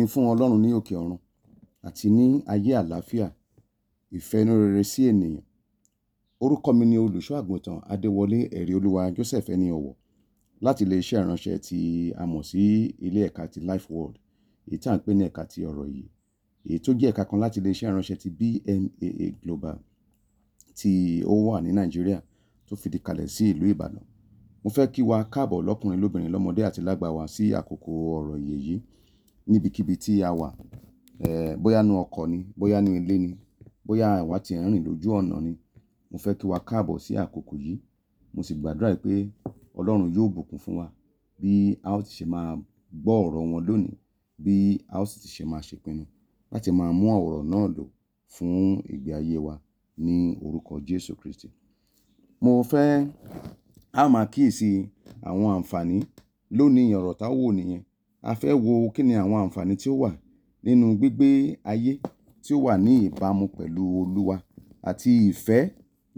ni fún Ọlọ́run ní òkè ọ̀run àti ní ayé àlàáfíà ìfẹ́ inú rere sí ènìyàn. Orúkọ mi ni olùṣọ́ àgùntàn Adéwọlé ẹ̀rí olúwa Joseph ẹni ọ̀wọ̀ láti ilé iṣẹ́ ìránṣẹ́ tí a mọ̀ sí ilé ẹ̀ka ti Life World èyí tí à ń pè ní ẹ̀ka ti ọ̀rọ̀ yìí èyí tó jẹ́ ẹ̀ka kan láti ilé ìránṣẹ́ ti BMAA Global tí ó wà ní Nàìjíríà tó fìdí kalẹ̀ sí ìlú Ìbàdàn. Mo fẹ́ kí wa káàbọ̀ lọ́kùnrin lóbìnrin lọ́mọdé àti lágbà wa sí àkókò ọ̀rọ̀ ìyè yìí níbikíbi tí a wà, bóyá inú ọkọ̀ ni, bóyá inú ilé ni, bóyá àwa tí rìn lójú ọ̀nà ni, mo fẹ́ kí wa káàbọ̀ sí àkókò yìí. Mo sì gbàdúrà pé Ọlọ́run yóò bùkún fún wa bí a ó ti ṣe máa gbọ́ ọ̀rọ̀ wọn lónìí, bí a ó sì ti ṣe máa ṣèpinnu láti máa mú ọ̀rọ̀ náà lò fún ìgbé ayé wa ní orúkọ Jésù Kristi. Mo fẹ́ a máa kíyèsi àwọn àǹfààní lónìí ọ̀rọ̀ táa wò nìyẹn a fẹ́ wo kí ni àwọn àǹfààní tí ó wà nínú gbígbé ayé tí ó wà ní ìbámu pẹ̀lú Olúwa àti ìfẹ́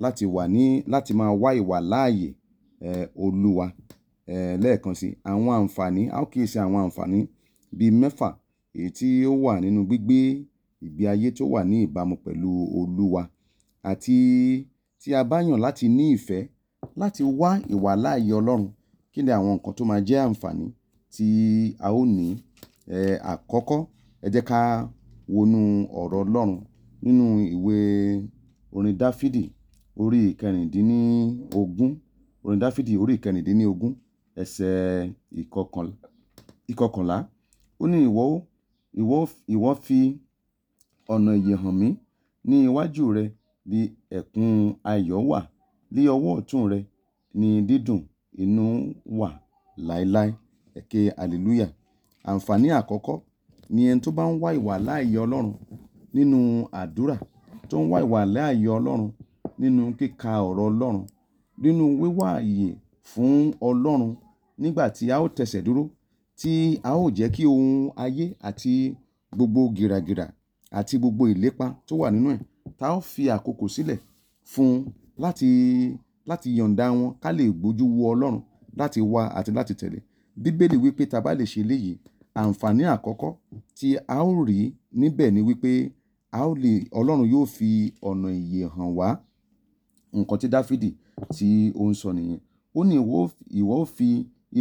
láti wà ní láti máa wá ìwà láàyè um Olúwa. um Lẹ́ẹ̀kan sí i, àwọn àǹfààní, a ó kíyèsí àwọn àǹfààní bíi mẹ́fà èyí tí ó wà nínú gbígbé ìgbé ayé tó wà ní ìbámu pẹ̀lú Olúwa àti tí a bá yàn láti ní ìfẹ́ láti wá ìwà láàyè Ọlọ́run, kí ni àwọn nǹkan tó máa jẹ́ àǹfààní tí a ó ní. Àkọ́kọ́ ẹ jẹ́ ká wọnú ọ̀rọ̀ Ọlọ́run nínú ìwé orin Dafidi orí ìkẹrìndínlógún, orin Dafidi orí ìkẹrìndínlógún ẹsẹ̀ ìkọkànlá. Ó ní ìwọ ó, ìwọ, ìwọ fi ọ̀nà ìyè hàn mí. Ní iwájú rẹ ni ẹ̀kún ayọ̀ wà. Ní ọwọ́ ọ̀tún rẹ ni dídùn inú wà láéláé èké hallelujah. Àǹfààní àkọ́kọ́ ni ẹni tó bá ń wá ìwà láàyè Ọlọ́run nínú àdúrà, tó ń wá ìwà láàyè Ọlọ́run nínú kíka ọ̀rọ̀ Ọlọ́run, nínú wíwá ààyè fún Ọlọ́run nígbà tí a ó tẹsẹ̀ dúró, tí a ó jẹ́ kí ohun ayé àti gbogbo gìràgìrà àti gbogbo ìlépa tó wà nínú ẹ̀, ta ó fi àkókò sílẹ̀ fún láti, láti yọ̀ǹda wọn ká lè gbójú wo Ọlọ́run láti wá àti láti tẹ̀lé. Bíbélì wípé tí a bá lè ṣe eléyìí, àǹfààní àkọ́kọ́ tí a ó rí níbẹ̀ ni wípé a ó lè Ọlọ́run yóò fi ọ̀nà ìyè hàn wá. Ǹkan tí Dafidi tí ó ń sọ nìyẹn. Ó ní ìwọ ó fi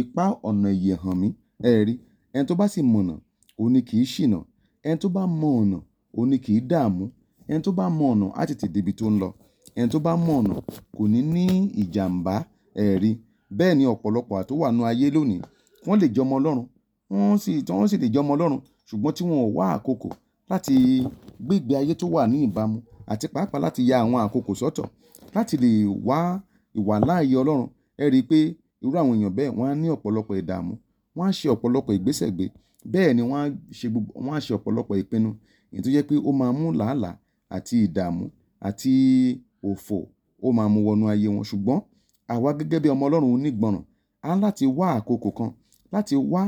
ipá ọ̀nà ìyè hàn mí. Ẹ rí, ẹni tó bá sì mọ̀nà, òun ní kì í ṣìnà. Ẹni tó bá mọ ọ̀nà, òun ní kì í dààmú. Ẹni tó bá mọ ọ̀nà á tètè dé tó ń lọ. Ẹni tó bá mọ ọ̀nà kò ní ní ìjàǹbá. Ẹ rí, bẹ́ẹ̀ ni ọ̀pọ̀lọpọ̀ àtúwànú ayé lónìí kí wọ́n lè jẹ́ ọmọ Ọlọ́run wọ́n sì tí wọ́n sì lè jẹ́ ọmọ Ọlọ́run ṣùgbọ́n tí wọn ò wá àkókò láti gbé ayé tó wà ní ìbámu àti pàápàá láti ya àwọn àkókò sọ́tọ̀ láti lè wá ìwàláàyè Ọlọ́run ẹ rí i pé irú àwọn èèyàn bẹ́ẹ̀ wọ́n á ní ọ̀pọ̀lọpọ̀ ìdààmú wọ́n á ṣe ọ̀pọ̀lọpọ̀ ìgbésẹ̀ gbé bẹ́ẹ̀ ni wọ́n á ṣe gbogbo wọ́n á ṣe ọ̀pọ̀lọpọ̀ ìpinnu èyí tó jẹ́ pé ó máa mú làálàá àti ìdààmú àti òfò ó máa mú wọnú ayé wọn ṣùgbọ́n àwa gẹ́gẹ́ bí ọmọ Ọlọ́run onígbọràn á láti wá àkókò kan láti wá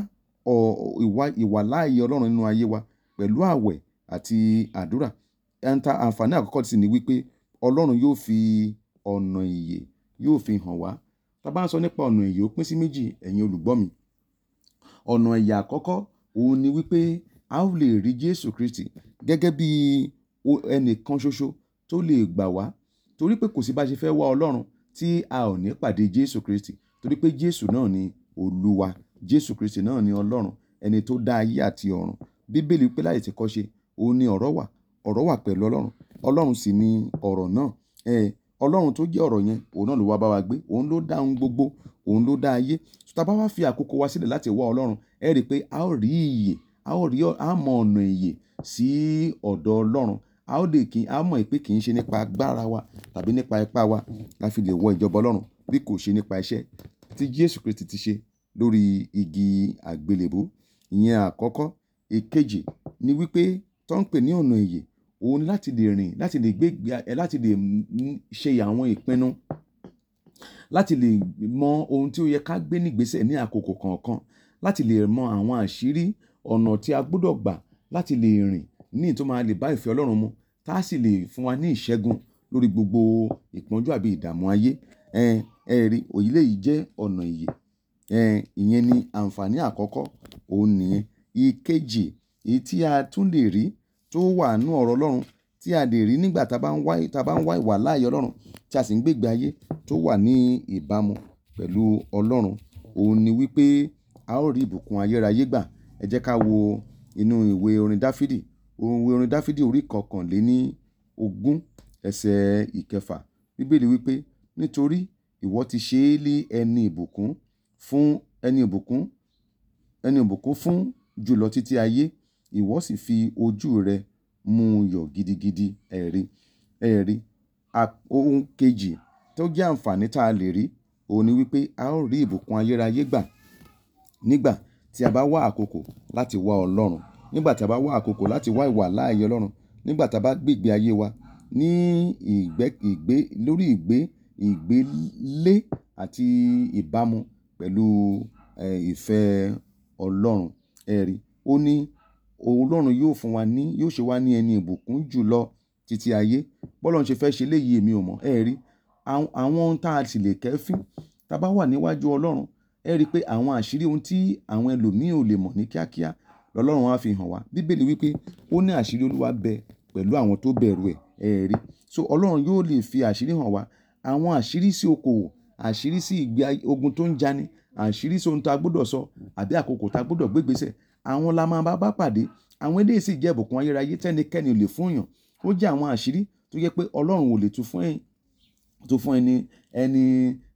ìwàláàyè Ọlọ́run nínú ayé wa pẹ̀lú àwẹ̀ àti àdúrà. Àǹfààní àkọ́kọ́ sì ni wípé Ọlọ́run yóò fi ọ̀nà ìyè yóò fi hàn wá. Tí a bá ń sọ nípa ọ̀nà ìyè ó pín sí méjì ẹ̀yin olùgbọ́ mi. Ọ̀nà ìyè àkọ́kọ́ òun ni wípé a ó lè rí Jésù Kristi gẹ́gẹ́ bí ẹni ṣoṣo tó lè gbà wá. Torí pé kò sí bá ṣe fẹ́ wá Ọlọ́run tí a ò ní pàdé Jésù Kristi torí pé Jésù náà ni Olúwa jésù kristi náà ni ọlọ́run ẹni tó dá ayé àti ọ̀run bíbélì pé láì ti kọ́ ṣe òun ni ọ̀rọ̀ wà ọ̀rọ̀ wà pẹ̀lú ọlọ́run ọlọ́run sì ni ọ̀rọ̀ náà ọlọ́run tó jẹ́ ọ̀rọ̀ yẹn òun náà ló wá bá wa gbé òun ló dá ohun gbogbo òun ló dá ayé tá a bá wá fi àkókò wa sílẹ̀ láti wá ọlọ́run ẹ rí i pé a ó rí ìyè a ó rí a mọ ọ̀nà ìyè sí ọ̀dọ̀ ọlọ́run a ó lè kí a mọ̀ pé kì í ṣe nípa agbára wa tàbí nípa ipá wa la fi lè wọ ìjọba ọlọ́run bí kò ṣe nípa iṣẹ́ tí jésù kristi ti ṣe lórí igi àgbélébú. Ìyẹn àkọ́kọ́. Èkejì ni wípé tó ń pè ní ọ̀nà ìyè, òun láti lè rìn, láti lè gbé, láti lè ṣe àwọn ìpinnu, láti lè mọ ohun tí ó yẹ ká gbé nígbèsẹ̀ ní àkókò kọ̀ọ̀kan, láti lè mọ àwọn àṣírí ọ̀nà tí a gbọdọ̀ gbà láti lè rìn ní èyí tó máa lè bá ìfẹ́ Ọlọ́run mu, tá sì lè fún wa ní ìṣẹ́gun lórí gbogbo ìpọ́njú àbí ìdààmú ayé. Ẹ rí, òye yìí jẹ́ ọ̀nà ìyè. Ẹn, ìyẹn ni àǹfààní àkọ́kọ́, òun nìyẹn. Ikeji, èyí tí a tún lè rí tó wà nínú ọ̀rọ̀ Ọlọ́run tí a lè rí nígbà tí a bá ń wá, tí a bá ń wá ìwà láàyè Ọlọ́run tí a sì ń gbé ìgbé ayé tó wà ní ìbámu pẹ̀lú Ọlọ́run, òun ni wípé a ó rí ìbùkún ayérayé gbà. Ẹ jẹ́ ká wo inú ìwé orin Dafidi. Ìwé orin Dafidi orí kọkànléní ogún ẹsẹ̀ ìkẹfà. Bíbélì wípé, nítorí ìwọ ti ṣe é lé ẹni ìbùkún, fún ẹni ìbùkún, ẹni ìbùkún fún jùlọ títí ayé, ìwọ sì fi ojú rẹ mú un yọ̀ gidigidi. Ẹ̀rí, ẹ̀rí. Ohun kejì tó jẹ́ àǹfààní tí a lè rí, òun ni wípé a ó rí ìbùkún ayérayé gbà nígbà tí a bá wá àkókò láti wá Ọlọ́run, nígbà tí a bá wá àkókò láti wá ìwà láàyè Ọlọ́run, nígbà tí a bá gbé ìgbé ayé wa ní ìgbẹ́, ìgbé, lórí ìgbé, ìgbélé àti ìbámu pẹ̀lú ìfẹ́ Ọlọ́run. Ẹ rí, ó ní Ọlọ́run yóò fún wa ní, yóò ṣe wá ní ẹni ìbùkún jùlọ titi ayé. Bọ́ lọ́run ṣe fẹ́ ṣe léyìí èmi ò mọ̀. Ẹ rí, àwọn ohun ta sì lè kẹ́fín ta bá wà níwájú Ọlọ́run, ẹ rí pé àwọn àṣírí ohun tí àwọn ẹlòmíì ò lè mọ̀ ní kíákíá, Ọlọ́run á fi hàn wá. Bíbélì wípé ó ní àṣírí Olúwa bẹ pẹ̀lú àwọn tó bẹ̀rù ẹ̀. Ẹ So Ọlọ́run yóò lè fi àṣírí hàn wá. Àwọn àṣírí sí okoòwò àṣírí sí ìgbé ogun tó ń jani àṣírí sí ohun tá a gbọ́dọ̀ sọ àbí àkókò tá a gbọ́dọ̀ gbégbèsè àwọn la máa bá pàdé àwọn eléyìí sì jẹ́ ìbùkún ayérayé tẹ́nikẹ́ni ò lè fún èèyàn ó jẹ́ àwọn àṣírí tó jẹ́ pé ọlọ́run ò lè tú fún ẹni ẹni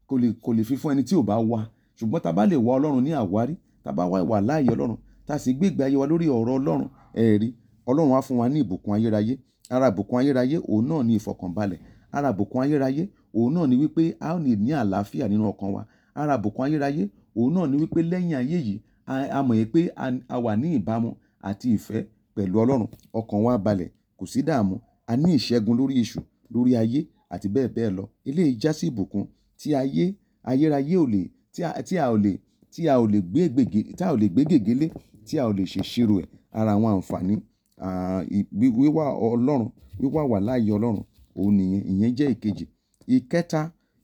kò lè kò lè fi fún ẹni tí ò bá wá ṣùgbọ́n tá a bá lè wá ọlọ́run ní àwárí tá a bá wá ìwà láàyè ọlọ́run tá a sì gbé ayé wa lórí ọ̀rọ̀ ọlọ́run ẹ̀rí ọlọ́run á fún wa ní ìbùkún ayérayé ara ìbùkún ayérayé òun náà ní ìfọ̀kànbalẹ̀ ara ìbùkún ayérayé òun náà ni wípé a ó ní ní àlàáfíà nínú ọkàn wa. Ara ìbùkún ayérayé, òun náà ni wípé lẹ́yìn ayé yìí, a mọ̀ wípé a wà ní ìbámu àti ìfẹ́ pẹ̀lú Ọlọ́run. Ọkàn wa balẹ̀, kò sí dààmú. A ní ìṣẹ́gun lórí èṣù, lórí ayé àti bẹ́ẹ̀ bẹ́ẹ̀ lọ. Eléyìí já sí ìbùkún tí ayé, ayérayé ò lè, tí a, tí a ò lè, tí a ò lè gbé gègé, tí a ò lè gbé gègé lé, tí a ò lè ṣe ẹ̀. Ara àwọn àǹfààní, wíwá Ọlọ́run, wíwá wà láàyè Ọlọ́run, òun nìyẹn. Ìyẹn jẹ́ ìkejì. Ìkẹta,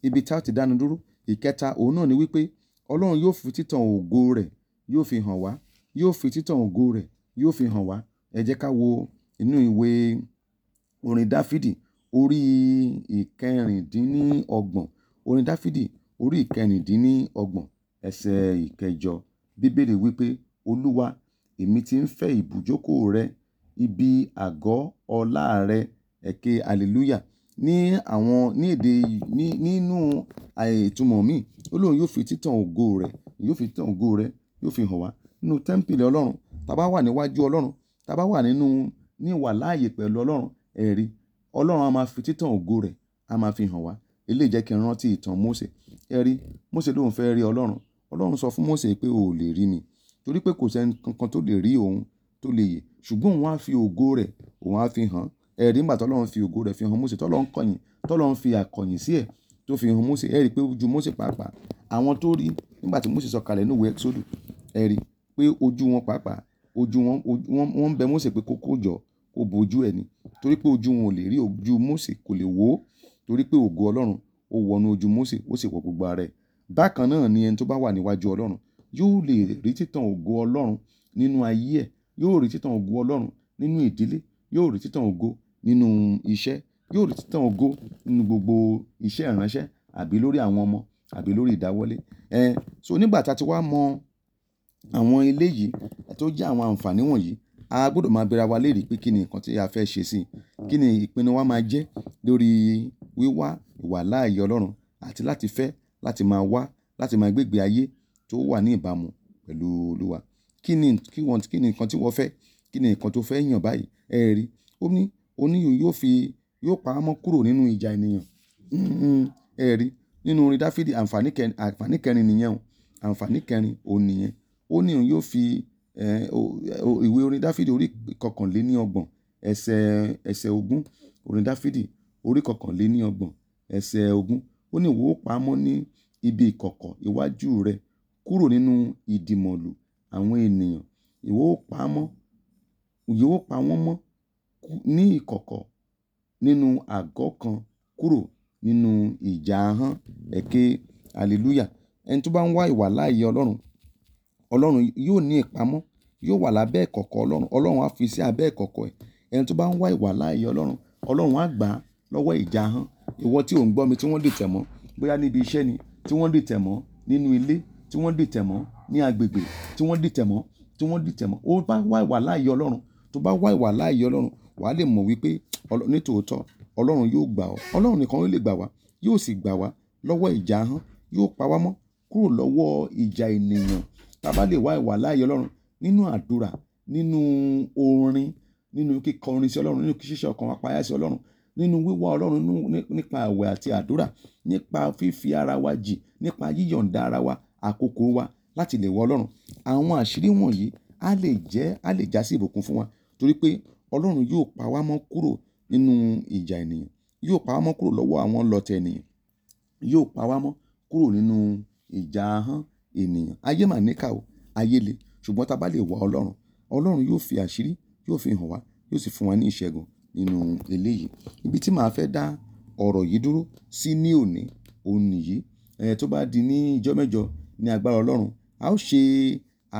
ibi tí a ti dánu dúró. Ìkẹta, òun náà ni wípé Ọlọ́run yóò fi títàn ògo rẹ̀ yóò fi hàn wá. Yóò fi títàn ògo rẹ̀ yóò fi hàn wá. Ẹ jẹ́ ká wo inú ìwé orin Dafidi orí ìkẹrìndínlọ́gbọ̀n. Orin Dafidi orí ìkẹrìndínlọ́gbọ̀n ẹsẹ̀ ìkẹjọ. Bíbélì wípé Olúwa, èmi ti ń fẹ́ ibùjókòó rẹ, ibi àgọ́ ọlá rẹ. Ẹ̀kẹ́ Hallelujah ní àwọn ní èdè ní nínú àìtumọ̀ mi. Ó lóun yóò fi títàn ògo rẹ̀, yóò fi títàn ògo rẹ̀, yóò fi hàn wá nínú tẹ́ḿpìlì Ọlọ́run. Tí a bá wà níwájú Ọlọ́run, tí a bá wà nínú ní ìwà láàyè pẹ̀lú Ọlọ́run, ẹ̀rí Ọlọ́run a máa fi títàn ògo rẹ̀, a máa fi hàn wá. Eléyìí jẹ́ kí n rántí ìtàn Mósè. Ẹ̀rí Mósè lóun fẹ́ rí Ọlọ́run. Ọlọ́run sọ fún Mósè pé "O ò lè rí mi" torí pé kò sí ẹni kankan tó lè rí òun tó lè yè. Ṣùgbọ́n òun á fi ògo rẹ̀, òun á fi hàn ẹ̀rí ńgbà tọ́lọ́run fi ògo rẹ̀ fi hàn Mósè tọ́lọ́run kọ̀yìn tọ́lọ́run fi àkọ̀yìn sí ẹ̀ tó fi hàn Mósè ẹ̀rí pé ojú Mósè pàápàá àwọn tó rí nígbà tí Mósè sọ̀kalẹ̀ ní ìwé Exodus ẹ̀rí pé ojú wọn pàápàá ojú wọn wọn ń bẹ Mósè pé kókó jọ kó bojú ẹni torí pé ojú wọn ò lè rí ojú Mósè kò lè wò ó torí pé ògo Ọlọ́run ó wọnú ojú Mósè ó sì wọ gbogbo ara ni ẹni tó bá wà níwájú yóò rí títàn ògo nínú iṣẹ́, yóò rí títàn ògo nínú gbogbo iṣẹ́ ìránṣẹ́ àbí lórí àwọn ọmọ àbí lórí ìdáwọ́lé. Ẹn, so nígbà tí a ti wá mọ àwọn eléyìí tó jẹ́ àwọn àǹfààní wọ̀nyí, a gbọdọ̀ máa bẹra wa léèrè pé kí ni nǹkan tí a fẹ́ ṣe sí i. Kí ni ìpinnu wa máa jẹ́ lórí wíwá ìwà láàyè Ọlọ́run àti láti fẹ́ láti máa wá láti máa gbé ayé tó wà ní ìbámu pẹ̀lú Olúwa. Kí ni, kí wọ́n, kí ni nǹkan tí wọ́n fẹ́? Kí ni nǹkan tó fẹ́ yàn báyìí? Ẹ rí, ó ní oníyùn yóò fi yóò pa á mọ́ kúrò nínú ìjà ènìyàn. Mm-hmm. Ẹ rí nínú orin Dafidi àǹfàní kẹrin, àǹfàní kẹrin nìyẹn o. Àǹfàní kẹrin òun nìyẹn. Ó ní òun yóò fi, ẹ́, ìwé orin Dafidi orí kọkànléní ọgbọ̀n, ẹsẹ̀, ẹsẹ̀ ogún. Orin Dafidi orí kọkànléní ọgbọ̀n, ẹsẹ̀ ogún. Ó ní ìwọ ó pa á mọ́ ní ibi ìkọ̀kọ̀ iwájú rẹ kúrò nínú ìdìmọ̀lù àwọn ènìyàn. Ìwọ ó pa á mọ́, ìwọ pa wọ́n mọ́ ní ìkọ̀kọ̀ nínú àgọ́ kan kúrò nínú ìjà ahọ́n èké hallelujah. Ẹni tó bá ń wá ìwà láàyè Ọlọ́run, Ọlọ́run yóò ní ìpamọ́, yóò wà lábẹ́ ìkọ̀kọ̀ Ọlọ́run, Ọlọ́run á fi sí abẹ́ ìkọ̀kọ̀ ẹ̀. Ẹni tó bá ń wá ìwà láàyè Ọlọ́run, Ọlọ́run á gbà á lọ́wọ́ ìjà ahọ́n. Ìwọ tí ò ń gbọ́ tí wọ́n dìtẹ̀ mọ́, bóyá níbi iṣẹ́ ni, tí wọ́n dìtẹ̀ mọ́ nínú ilé, tí wọ́n dìtẹ̀ mọ́ ní agbègbè, tí wọ́n dìtẹ̀ mọ́, tí wọ́n dìtẹ̀ mọ́. Ó bá wá ìwà láàyè Ọlọ́run, tó bá wá ìwà láàyè Ọlọ́run, wàá lè mọ̀ wípé nítòótọ́ ọlọ́run yóò gbà ọ́ ọlọ́run nìkan ló lè gbà wá yóò sì gbà wá lọ́wọ́ ìjà ahọ́n yóò pa wá mọ́ kúrò lọ́wọ́ ìjà ènìyàn tá a bá lè wá ìwà láàyè ọlọ́run nínú àdúrà nínú orin nínú kíkọ orin sí ọlọ́run nínú ṣíṣe ọkàn apáyà sí ọlọ́run nínú wíwá ọlọ́run nípa àwẹ̀ àti àdúrà nípa fífi ara wa jì nípa yíyọ̀ǹda ara wa àkókò wa láti lè wọ ọlọ́run àwọn àṣírí wọ̀nyí á lè jẹ́ á lè já ìbùkún fún wa torí pé Ọlọ́run yóò pa wá mọ́ kúrò nínú ìjà ènìyàn, yóò pa wá mọ́ kúrò lọ́wọ́ àwọn ọlọ̀tẹ̀ ènìyàn, yóò pa wá mọ́ kúrò nínú ìjà ahọ́n ènìyàn. Ayé máa níkà o, ayé le, ṣùgbọ́n tí a bá lè wá Ọlọ́run, Ọlọ́run yóò fi àṣírí, yóò fi hàn wá, yóò sì fún wa ní ìṣẹ́gun nínú eléyìí. Ibi tí màá fẹ́ dá ọ̀rọ̀ yìí dúró sí ní òní, òun nìyí. Ẹ̀ tó bá di ní ìjọ́ mẹ́jọ ní agbára Ọlọ́run, a ó ṣe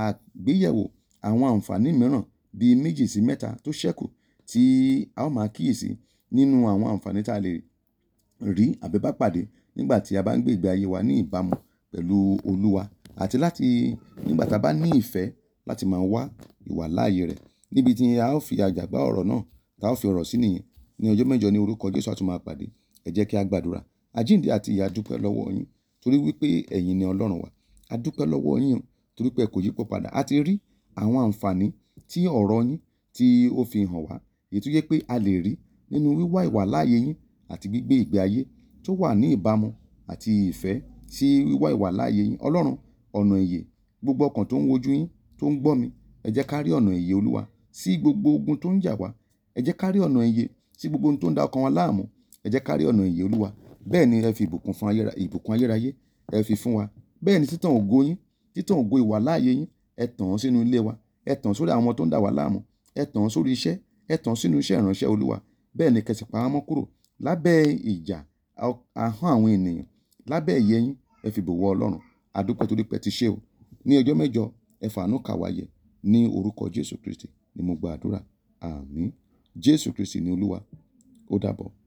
àgbéyẹ̀wò àwọn àǹfààní mìíràn bíi méjì sí mẹ́ta tó ṣẹ́kù tí a ó máa kíyèsí nínú àwọn àǹfààní tá a lè rí àbí bá pàdé nígbà tí a bá ń gbé ìgbé ayé wa ní ìbámu pẹ̀lú Olúwa àti láti nígbà tá a bá ní ìfẹ́ láti máa wá ìwà láàyè rẹ̀ níbi tí a ó fi àjàgbá ọ̀rọ̀ náà tá a ó fi ọ̀rọ̀ sí nìyẹn ní ọjọ́ mẹ́jọ ní orúkọ Jésù a tún máa pàdé ẹ jẹ́ kí a gbàdúrà àjíǹde àti ìyà dúpẹ́ lọ́wọ́ yín torí wípé ẹ̀yin ni Ọlọ́run wa a dúpẹ́ lọ́wọ́ yín torí pé ẹ kò yípo padà a ti rí àwọn àǹfààní tí ọ̀rọ̀ yín tí ó fi hàn wá, èyí tó jẹ́ pé a lè rí nínú wíwá ìwà láàyè yín àti gbígbé ìgbé ayé tó wà ní ìbámu àti ìfẹ́ sí wíwá ìwà láàyè yín. Ọlọ́run, ọ̀nà ìyè, gbogbo ọkàn tó ń wojú yín, tó ń gbọ́ mi, ẹ jẹ́ ká rí ọ̀nà ìyè Olúwa sí gbogbo ogun tó ń jà wá. Ẹ jẹ́ ká rí ọ̀nà ìyè sí gbogbo ohun tó ń da ọkàn wa láàmú. Ẹ jẹ́ ká rí ọ̀nà ìyè Olúwa. Bẹ́ẹ̀ ni ẹ fi ìbùkún fún ìbùkún ayérayé ẹ fi fún wa. Bẹ́ẹ̀ ni títàn ògo yín, títàn ògo ìwà láàyè yín, ẹ tàn án sínú ilé wa ẹ tàn sórí àwọn ọmọ tó ń dà wá láàmú ẹ tàn sórí iṣẹ́ ẹ tàn sínú iṣẹ́ ìránṣẹ́ olúwa bẹ́ẹ̀ ni kẹsì pa ámọ́ kúrò lábẹ́ ìjà ahọ́n àwọn ènìyàn lábẹ́ ìyẹyìn ẹ fi bòwọ́ ọlọ́run àdúpẹ́ torí pẹ́ ti ṣe o ní ọjọ́ mẹ́jọ ẹ fàánú kà ní orúkọ jésù kristi ni mo gba àdúrà àmín jésù kristi ni olúwa ó dàbọ̀